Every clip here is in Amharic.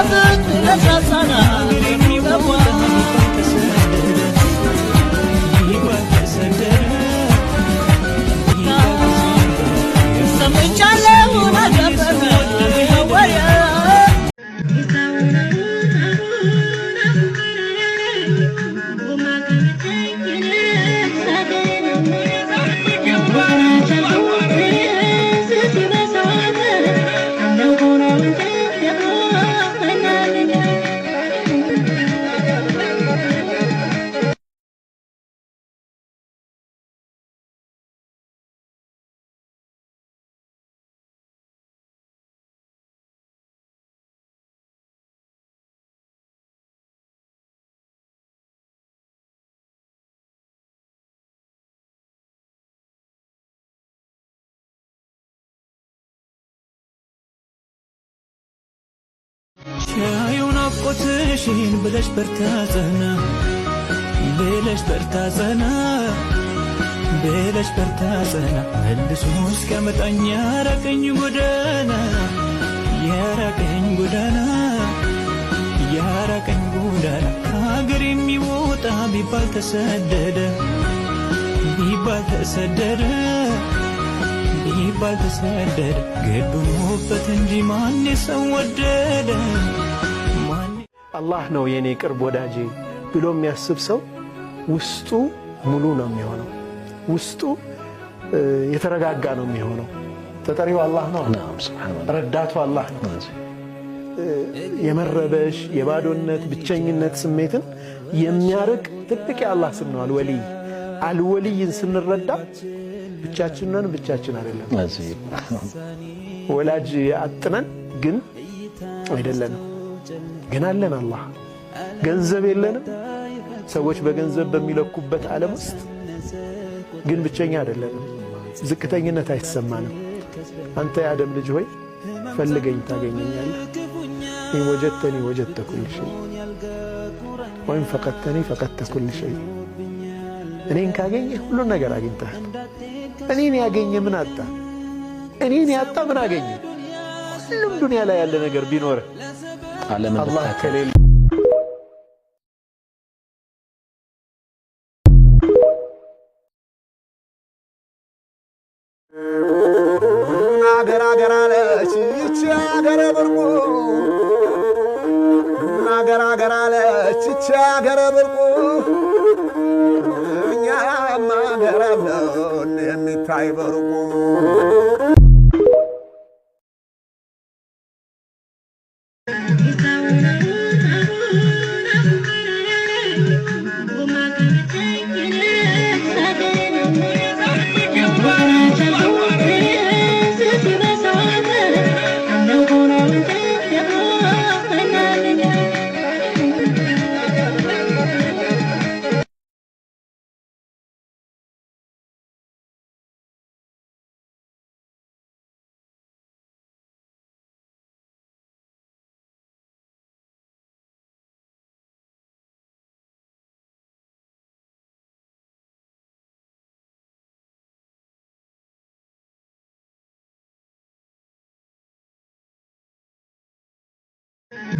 ለፍት ለሳሳና ለሚወዋ ሲያዩን አቆትሽን ብለሽ በርታ ጸና ብለሽ በርታ ጸና ብለሽ በርታ ጸና እስኪያመጣኝ ያራቀኝ ጎዳና ያራቀኝ ጎዳና ያራቀኝ ጎዳና ከሀገር የሚወጣ ቢባል ተሰደደ ቢባል ተሰደደ የሚባል ተሰደደ ገዱ ሞበት እንጂ ማን ሰው ወደደ። አላህ ነው የእኔ ቅርብ ወዳጄ ብሎ የሚያስብ ሰው ውስጡ ሙሉ ነው የሚሆነው፣ ውስጡ የተረጋጋ ነው የሚሆነው። ተጠሪው አላህ ነው፣ ረዳቱ አላህ ነው። የመረበሽ የባዶነት ብቸኝነት ስሜትን የሚያርቅ ትልቅ የአላህ ስም ነው አልወልይ አልወልይን ስንረዳ ብቻችንን ብቻችን አይደለም ወላጅ አጥነን ግን አይደለንም። ግን አለን አላህ። ገንዘብ የለንም ሰዎች በገንዘብ በሚለኩበት ዓለም ውስጥ ግን ብቸኛ አይደለንም። ዝቅተኝነት አይሰማንም። አንተ የአደም ልጅ ሆይ ፈልገኝ ታገኘኛለህ። ወጀተኒ ወጀተ ኩል ሸይ ወይም ፈቀተኒ ፈቀተ ኩል ሸይ እኔን ካገኘ ሁሉን ነገር አግኝተሃል። እኔን ያገኘ ምን አጣ? እኔን ያጣ ምን አገኘ? ሁሉም ዱንያ ላይ ያለ ነገር ቢኖር አላህ ከሌለ አገር አገር አለች ይቺ አገር ብርቁ አገር አገር አለች ይቺ አገር ብርቁ ገራማ ነው የሚታይ በርቁ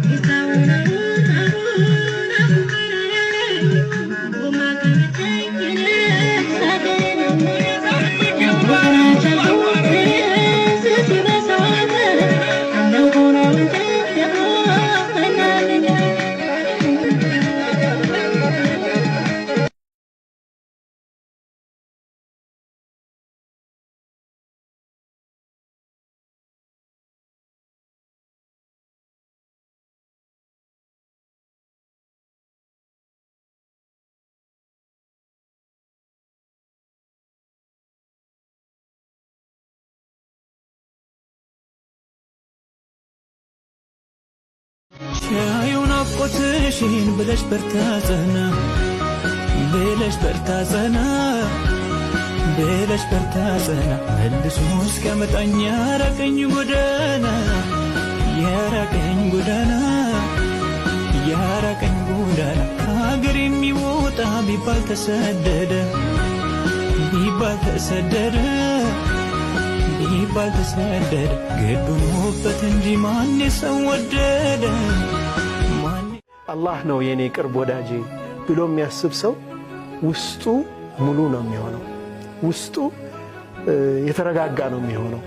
It's not what I want, ሲያዩ አቆትሽን ብለሽ በርታ ጸና ብለሽ በርታ ጸና ብለሽ በርታ ጸና መልሶ እስኪያመጣኝ ያራቀኝ ጎዳና ያራቀኝ ጎዳና ያራቀኝ ጎዳና ከሀገር የሚወጣ ቢባል ተሰደደ ቢባል ተሰደደ ቢባል ተሰደደ ግድ ሆኖበት እንጂ ማን ሰው ወደደ አላህ ነው የኔ ቅርብ ወዳጄ ብሎ የሚያስብ ሰው ውስጡ ሙሉ ነው የሚሆነው። ውስጡ የተረጋጋ ነው የሚሆነው።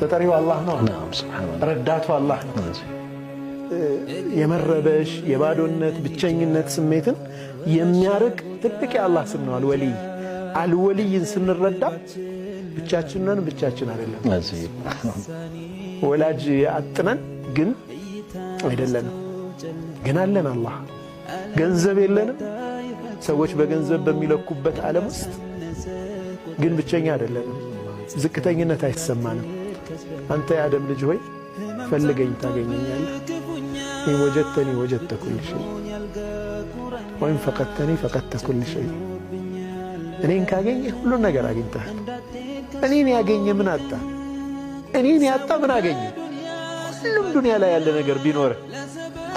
ተጠሪው አላህ ነው፣ ረዳቱ አላህ ነው። የመረበሽ የባዶነት ብቸኝነት ስሜትን የሚያርቅ ትልቅ የአላህ ስም ነው አልወልይ። አልወልይን ስንረዳ ብቻችንን ብቻችን አይደለም። ወላጅ አጥነን ግን አይደለንም። ግን አለን አላህ። ገንዘብ የለንም። ሰዎች በገንዘብ በሚለኩበት ዓለም ውስጥ ግን ብቸኛ አይደለንም። ዝቅተኝነት አይሰማንም። አንተ የአደም ልጅ ሆይ ፈልገኝ ታገኘኛለህ። ኢን ወጀድተኒ ወጀድተ ኩል ሸይ ወይም ፈቀድተኒ ፈቀድተ ኩል ሸይ። እኔን ካገኘ ሁሉን ነገር አግኝተሃል። እኔን ያገኘ ምን አጣ? እኔን ያጣ ምን አገኘ? ሁሉም ዱንያ ላይ ያለ ነገር ቢኖርህ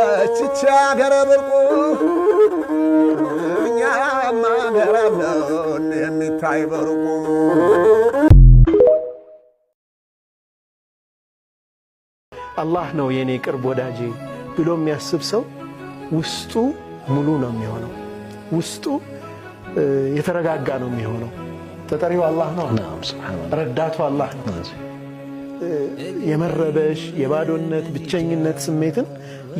አለች ይቺ ብርቁ እኛም አገር አለን የሚታይ በርቁ አላህ ነው የእኔ ቅርብ ወዳጄ ብሎ የሚያስብ ሰው ውስጡ ሙሉ ነው የሚሆነው። ውስጡ የተረጋጋ ነው የሚሆነው። ተጠሪው አላህ ነው፣ ረዳቱ አላህ ነው። የመረበሽ የባዶነት ብቸኝነት ስሜትን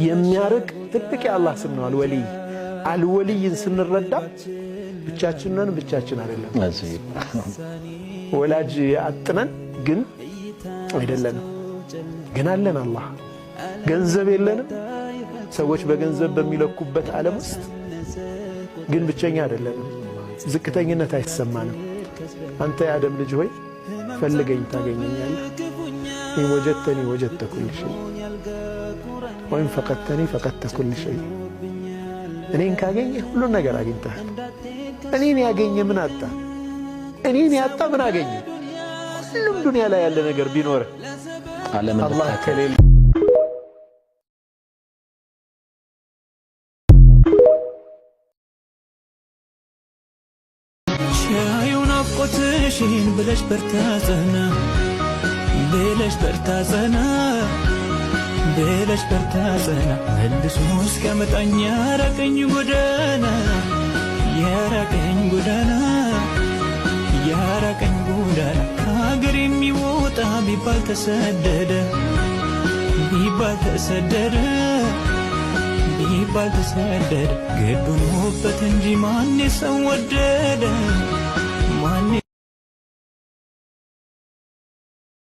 የሚያርቅ ትልቅ የአላህ ስም ነው አልወልይ። አልወልይን ስንረዳ ብቻችንን ብቻችን አይደለም ወላጅ አጥነን ግን አይደለንም፣ ግን አለን አላህ። ገንዘብ የለንም ሰዎች በገንዘብ በሚለኩበት ዓለም ውስጥ ግን ብቸኛ አይደለንም። ዝቅተኝነት አይሰማንም። አንተ የአደም ልጅ ሆይ ፈልገኝ ታገኘኛለህ። ወጀተኒ ወጀተ ኩል ወይም ፈቀተኒ ፈቀተ ኩል ሸይ፣ እኔን ካገኘ ሁሉን ነገር አግኝተሃል። እኔን ያገኘ ምን አጣ? እኔን ያጣ ምን አገኘ? ሁሉም ዱንያ ላይ ያለ ነገር ቢኖር አላህ ከሌለ ብለሽ በርታ ጸና ብለሽ በርታ ጸና ብለሽ በርታ ጽና፣ መልሶ እስኪያመጣኝ ያራቀኝ ጎዳና ያራቀኝ ጎዳና ያራቀኝ ጎዳና ከሀገር የሚወጣ ቢባል ተሰደደ ቢባል ተሰደደ ቢባል ተሰደደ ግድ ሆኖበት እንጂ ማን ሰው ወደደ ማን